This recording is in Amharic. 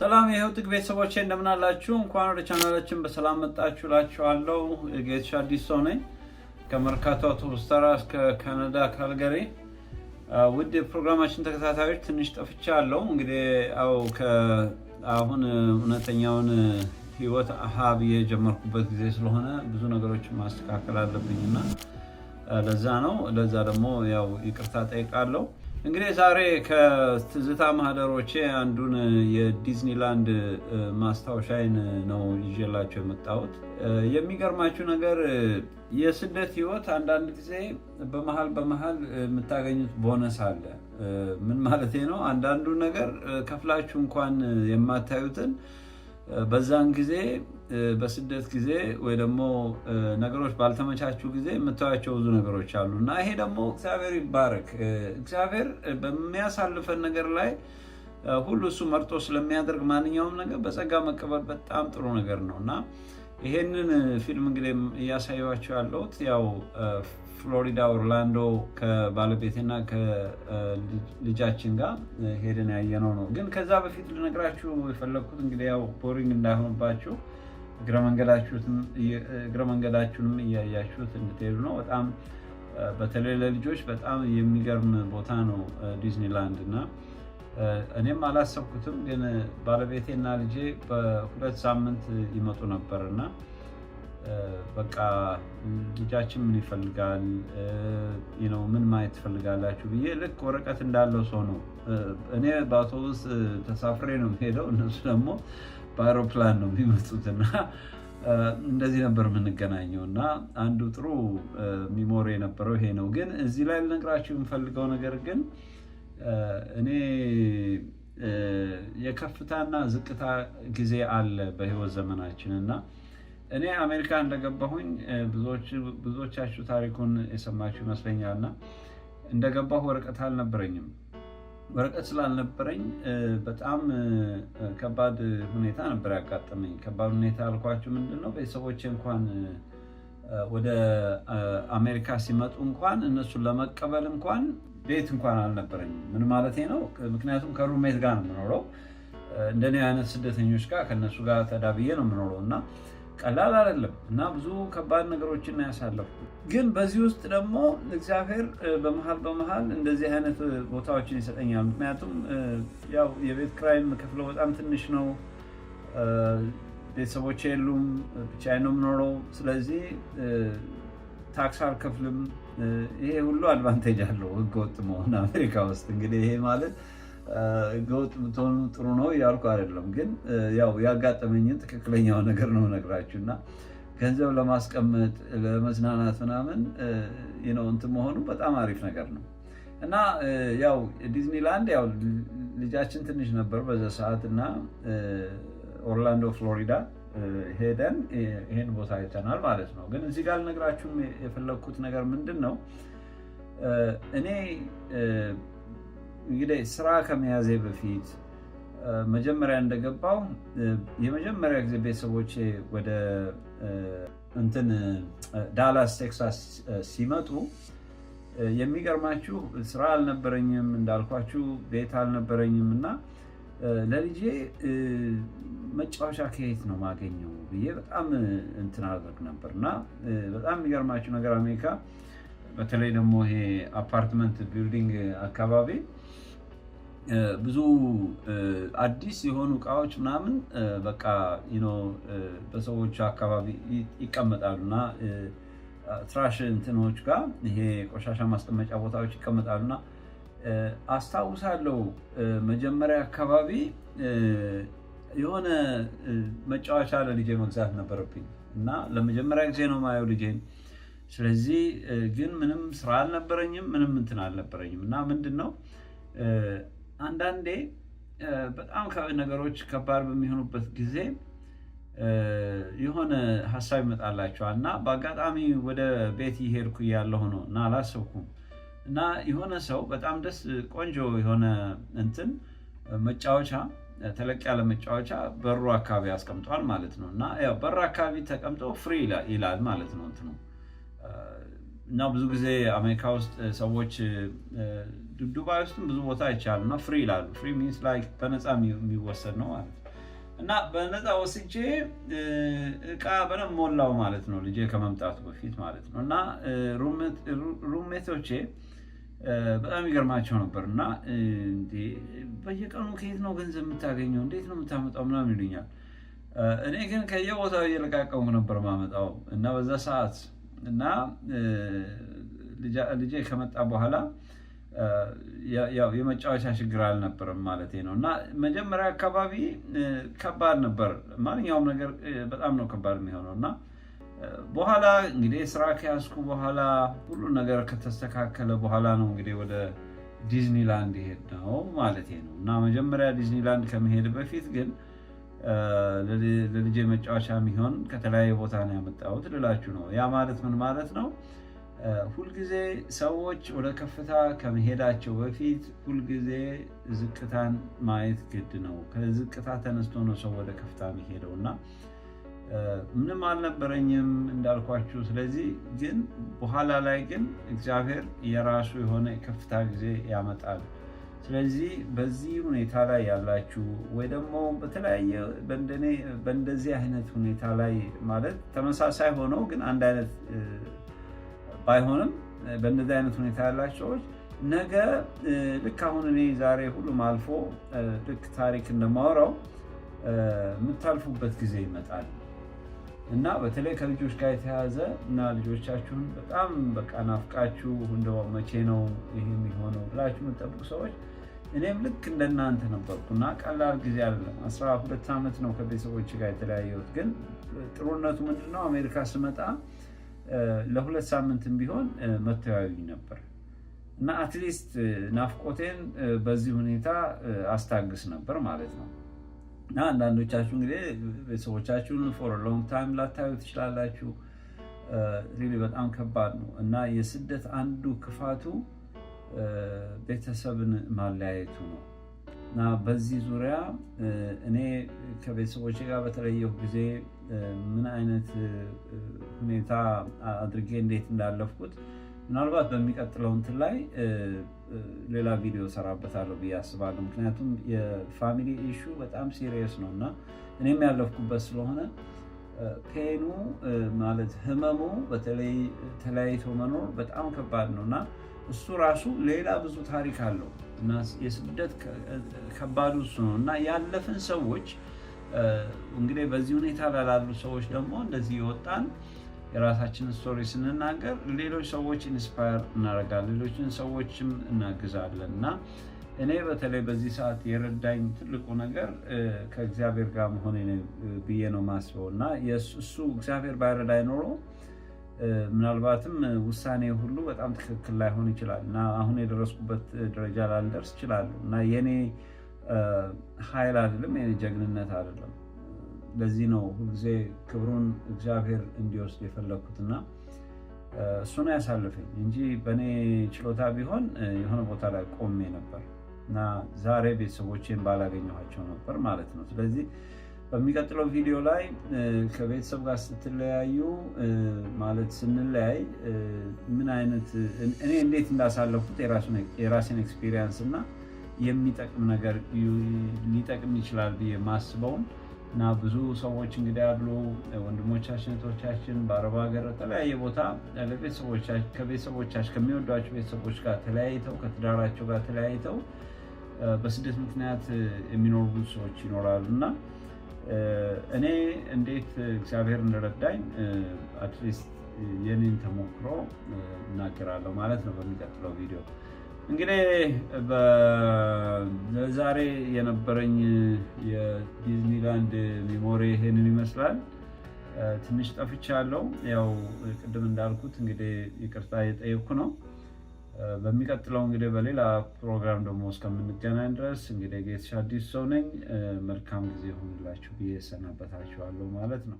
ሰላም የህይወት ቤተሰቦቼ እንደምን አላችሁ? እንኳን ወደ ቻናላችን በሰላም መጣችሁ እላችኋለሁ። ጌትሽ አዲስ ሰው ነኝ ከመርካቶ አውቶቡስተራ እስከ ካናዳ ካልገሪ። ውድ የፕሮግራማችን ተከታታዮች ትንሽ አለው እንግዲህ ያው አሁን እውነተኛውን ህይወት ሀብ የጀመርኩበት ጊዜ ስለሆነ ብዙ ነገሮችን ማስተካከል አለብኝና ለዛ ነው። ለዛ ደግሞ ያው ይቅርታ ጠይቃለሁ። እንግዲህ ዛሬ ከትዝታ ማህደሮቼ አንዱን የዲዝኒላንድ ማስታወሻይን ነው ይዤላቸው የመጣሁት። የሚገርማችሁ ነገር የስደት ህይወት አንዳንድ ጊዜ በመሀል በመሀል የምታገኙት ቦነስ አለ። ምን ማለት ነው? አንዳንዱ ነገር ከፍላችሁ እንኳን የማታዩትን በዛን ጊዜ በስደት ጊዜ ወይ ደግሞ ነገሮች ባልተመቻችሁ ጊዜ የምታያቸው ብዙ ነገሮች አሉ እና ይሄ ደግሞ እግዚአብሔር ይባረክ። እግዚአብሔር በሚያሳልፈን ነገር ላይ ሁሉ እሱ መርጦ ስለሚያደርግ ማንኛውም ነገር በጸጋ መቀበል በጣም ጥሩ ነገር ነው እና ይሄንን ፊልም እንግዲህ እያሳየኋቸው ያለሁት ያው ፍሎሪዳ ኦርላንዶ ከባለቤቴና ከልጃችን ጋር ሄደን ያየነው ነው። ግን ከዛ በፊት ልነግራችሁ የፈለግኩት እንግዲህ ያው ቦሪንግ እንዳይሆንባችሁ እግረ መንገዳችሁንም እያያችሁት እንድትሄዱ ነው። በጣም በተለይ ለልጆች በጣም የሚገርም ቦታ ነው ዲዝኒላንድ እና እኔም አላሰብኩትም፣ ግን ባለቤቴና ልጄ በሁለት ሳምንት ይመጡ ነበር እና በቃ ልጃችን ምን ይፈልጋል ነው ምን ማየት ትፈልጋላችሁ ብዬ ልክ ወረቀት እንዳለው ሰው ነው። እኔ በአውቶቡስ ተሳፍሬ ነው የምሄደው፣ እነሱ ደግሞ በአውሮፕላን ነው የሚመጡት እና እንደዚህ ነበር የምንገናኘው እና አንዱ ጥሩ ሚሞሪ የነበረው ይሄ ነው። ግን እዚህ ላይ ልነግራችሁ የምፈልገው ነገር ግን እኔ የከፍታና ዝቅታ ጊዜ አለ በህይወት ዘመናችን እና እኔ አሜሪካ እንደገባሁኝ ብዙዎቻችሁ ታሪኩን የሰማችሁ ይመስለኛል እና እንደገባሁ ወረቀት አልነበረኝም። ወረቀት ስላልነበረኝ በጣም ከባድ ሁኔታ ነበር ያጋጠመኝ። ከባድ ሁኔታ ያልኳችሁ ምንድን ነው? ቤተሰቦቼ እንኳን ወደ አሜሪካ ሲመጡ እንኳን እነሱን ለመቀበል እንኳን ቤት እንኳን አልነበረኝም። ምን ማለቴ ነው? ምክንያቱም ከሩሜት ጋር ነው የምኖረው። እንደኔ አይነት ስደተኞች ጋር ከነሱ ጋር ተዳብዬ ነው የምኖረው እና ቀላል አይደለም እና ብዙ ከባድ ነገሮችን ያሳለፉ። ግን በዚህ ውስጥ ደግሞ እግዚአብሔር በመሀል በመሀል እንደዚህ አይነት ቦታዎችን ይሰጠኛል። ምክንያቱም ያው የቤት ክራይም ከፍለው በጣም ትንሽ ነው፣ ቤተሰቦች የሉም፣ ብቻዬን ነው የምኖረው። ስለዚህ ታክስ አልከፍልም። ይሄ ሁሉ አድቫንቴጅ አለው ህገወጥ መሆን አሜሪካ ውስጥ። እንግዲህ ይሄ ማለት ህገወጥ ብትሆኑ ጥሩ ነው እያልኩ አይደለም፣ ግን ያው ያጋጠመኝን ትክክለኛው ነገር ነው ነግራችሁ እና ገንዘብ ለማስቀመጥ ለመዝናናት ምናምን እንትን መሆኑ በጣም አሪፍ ነገር ነው እና ያው ዲዝኒላንድ ያው ልጃችን ትንሽ ነበር በዛ ሰዓት እና ኦርላንዶ ፍሎሪዳ ሄደን ይሄን ቦታ አይተናል ማለት ነው። ግን እዚህ ጋር ልነግራችሁም የፈለግኩት ነገር ምንድን ነው እኔ እንግዲህ ስራ ከመያዜ በፊት መጀመሪያ እንደገባው የመጀመሪያ ጊዜ ቤተሰቦች ወደ እንትን ዳላስ ቴክሳስ ሲመጡ የሚገርማችሁ ስራ አልነበረኝም፣ እንዳልኳችሁ ቤት አልነበረኝም እና ለልጄ መጫወቻ ከየት ነው ማገኘው ብዬ በጣም እንትን አድርግ ነበር እና በጣም የሚገርማችሁ ነገር አሜሪካ በተለይ ደግሞ ይሄ አፓርትመንት ቢልዲንግ አካባቢ ብዙ አዲስ የሆኑ እቃዎች ምናምን በቃ በሰዎች አካባቢ ይቀመጣሉ እና ትራሽ እንትኖች ጋር ይሄ ቆሻሻ ማስቀመጫ ቦታዎች ይቀመጣሉና አስታውሳለው አስታውሳለሁ መጀመሪያ አካባቢ የሆነ መጫወቻ ለልጄ መግዛት ነበረብኝ እና ለመጀመሪያ ጊዜ ነው ማየው ልጄን። ስለዚህ ግን ምንም ስራ አልነበረኝም፣ ምንም እንትን አልነበረኝም እና ምንድን ነው አንዳንዴ በጣም ነገሮች ከባድ በሚሆኑበት ጊዜ የሆነ ሀሳብ ይመጣላቸዋል እና በአጋጣሚ ወደ ቤት ይሄድኩ እያለሁ ነው እና አላሰብኩም እና የሆነ ሰው በጣም ደስ ቆንጆ የሆነ እንትን መጫወቻ ተለቅ ያለ መጫወቻ በሩ አካባቢ አስቀምጧል ማለት ነው። እና ያው በሩ አካባቢ ተቀምጦ ፍሪ ይላል ማለት ነው እንትኑ እና ብዙ ጊዜ አሜሪካ ውስጥ ሰዎች ዱባይ ውስጥም ብዙ ቦታ ይቻሉ እና ፍሪ ይላሉ። ፍሪ ሚንስ ላይክ በነፃ የሚወሰድ ነው ማለት እና በነፃ ወስጄ እቃ በደንብ ሞላው ማለት ነው፣ ልጄ ከመምጣቱ በፊት ማለት ነው። እና ሩሜቶቼ በጣም ይገርማቸው ነበር እና በየቀኑ ከየት ነው ገንዘብ የምታገኘው? እንዴት ነው የምታመጣው? ምናምን ይሉኛል። እኔ ግን ከየቦታው እየለቃቀሙ ነበር ማመጣው እና በዛ ሰዓት እና ልጄ ከመጣ በኋላ የመጫወቻ ችግር አልነበርም ማለት ነው። እና መጀመሪያ አካባቢ ከባድ ነበር። ማንኛውም ነገር በጣም ነው ከባድ የሚሆነው እና በኋላ እንግዲህ ስራ ከያዝኩ በኋላ ሁሉ ነገር ከተስተካከለ በኋላ ነው እንግዲህ ወደ ዲዝኒላንድ ይሄድ ነው ማለት ነው። እና መጀመሪያ ዲዝኒላንድ ከመሄድ በፊት ግን ለልጄ መጫወቻ የሚሆን ከተለያየ ቦታ ነው ያመጣሁት ልላችሁ ነው። ያ ማለት ምን ማለት ነው? ሁልጊዜ ሰዎች ወደ ከፍታ ከመሄዳቸው በፊት ሁልጊዜ ዝቅታን ማየት ግድ ነው። ከዝቅታ ተነስቶ ነው ሰው ወደ ከፍታ መሄደው እና ምንም አልነበረኝም እንዳልኳችሁ። ስለዚህ ግን በኋላ ላይ ግን እግዚአብሔር የራሱ የሆነ የከፍታ ጊዜ ያመጣል። ስለዚህ በዚህ ሁኔታ ላይ ያላችሁ ወይ ደግሞ በተለያየ በእንደዚህ አይነት ሁኔታ ላይ ማለት ተመሳሳይ ሆነው ግን አንድ አይነት ባይሆንም በእነዚህ አይነት ሁኔታ ያላቸው ሰዎች ነገ ልክ አሁን እኔ ዛሬ ሁሉም አልፎ ልክ ታሪክ እንደማወራው የምታልፉበት ጊዜ ይመጣል እና በተለይ ከልጆች ጋር የተያዘ እና ልጆቻችሁን በጣም በቃ ናፍቃችሁ እንደ መቼ ነው ይህ የሚሆነው ብላችሁ የምጠብቁ ሰዎች እኔም ልክ እንደናንተ ነበርኩ እና ቀላል ጊዜ አይደለም። አስራ ሁለት ዓመት ነው ከቤተሰቦች ጋር የተለያየሁት። ግን ጥሩነቱ ምንድነው አሜሪካ ስመጣ ለሁለት ሳምንትም ቢሆን መተያዩኝ ነበር እና አትሊስት ናፍቆቴን በዚህ ሁኔታ አስታግስ ነበር ማለት ነው። እና አንዳንዶቻችሁ እንግዲህ ቤተሰቦቻችሁን ፎር ሎንግ ታይም ላታዩ ትችላላችሁ። ሪሊ በጣም ከባድ ነው እና የስደት አንዱ ክፋቱ ቤተሰብን ማለያየቱ ነው። እና በዚህ ዙሪያ እኔ ከቤተሰቦች ጋር በተለየሁ ጊዜ ምን አይነት ሁኔታ አድርጌ እንዴት እንዳለፍኩት ምናልባት በሚቀጥለው እንትን ላይ ሌላ ቪዲዮ ሰራበታለሁ ብዬ አስባለሁ። ምክንያቱም የፋሚሊ ኢሹ በጣም ሲሪየስ ነው እና እኔም ያለፍኩበት ስለሆነ ፔኑ ማለት ህመሙ፣ በተለይ ተለያይቶ መኖር በጣም ከባድ ነው እና እሱ ራሱ ሌላ ብዙ ታሪክ አለው። እና የስደት ከባዱ እሱ ነው እና ያለፍን ሰዎች እንግዲህ በዚህ ሁኔታ ላሉ ሰዎች ደግሞ እንደዚህ የወጣን የራሳችንን ስቶሪ ስንናገር ሌሎች ሰዎች ኢንስፓየር እናደርጋለን፣ ሌሎችን ሰዎችም እናግዛለን እና እኔ በተለይ በዚህ ሰዓት የረዳኝ ትልቁ ነገር ከእግዚአብሔር ጋር መሆን ብዬ ነው ማስበው እና እሱ እግዚአብሔር ባይረዳ አይኖረው ምናልባትም ውሳኔ ሁሉ በጣም ትክክል ላይሆን ይችላል እና አሁን የደረስኩበት ደረጃ ላልደርስ እችላለሁ እና የኔ ኃይል አይደለም፣ የኔ ጀግንነት አይደለም። ለዚህ ነው ሁልጊዜ ክብሩን እግዚአብሔር እንዲወስድ የፈለግኩት እና እሱን ያሳልፈኝ እንጂ በእኔ ችሎታ ቢሆን የሆነ ቦታ ላይ ቆሜ ነበር እና ዛሬ ቤተሰቦቼን ባላገኘኋቸው ነበር ማለት ነው። ስለዚህ በሚቀጥለው ቪዲዮ ላይ ከቤተሰብ ጋር ስትለያዩ ማለት ስንለያይ ምን አይነት እኔ እንዴት እንዳሳለፉት የራሴን ኤክስፒሪየንስ እና የሚጠቅም ነገር ሊጠቅም ይችላል ብዬ ማስበውን እና ብዙ ሰዎች እንግዲህ ያሉ ወንድሞቻችን እህቶቻችን በአረብ ሀገር በተለያየ ቦታ ከቤተሰቦቻቸው ከሚወዷቸው ቤተሰቦች ጋር ተለያይተው ከትዳራቸው ጋር ተለያይተው በስደት ምክንያት የሚኖሩ ብዙ ሰዎች ይኖራሉ እና እኔ እንዴት እግዚአብሔር እንደረዳኝ አትሊስት የኔን ተሞክሮ እናገራለሁ ማለት ነው በሚቀጥለው ቪዲዮ። እንግዲህ በዛሬ የነበረኝ የዲዝኒላንድ ሚሞሪ ይሄንን ይመስላል። ትንሽ ጠፍቻለሁ። ያው ቅድም እንዳልኩት እንግዲህ ይቅርታ እየጠየኩ ነው። በሚቀጥለው እንግዲህ በሌላ ፕሮግራም ደግሞ እስከምንገናኝ ድረስ እንግዲህ ጌትሽ አዲስ ሰው ነኝ። መልካም ጊዜ ሆንላችሁ ብዬ እሰናበታችኋለሁ ማለት ነው።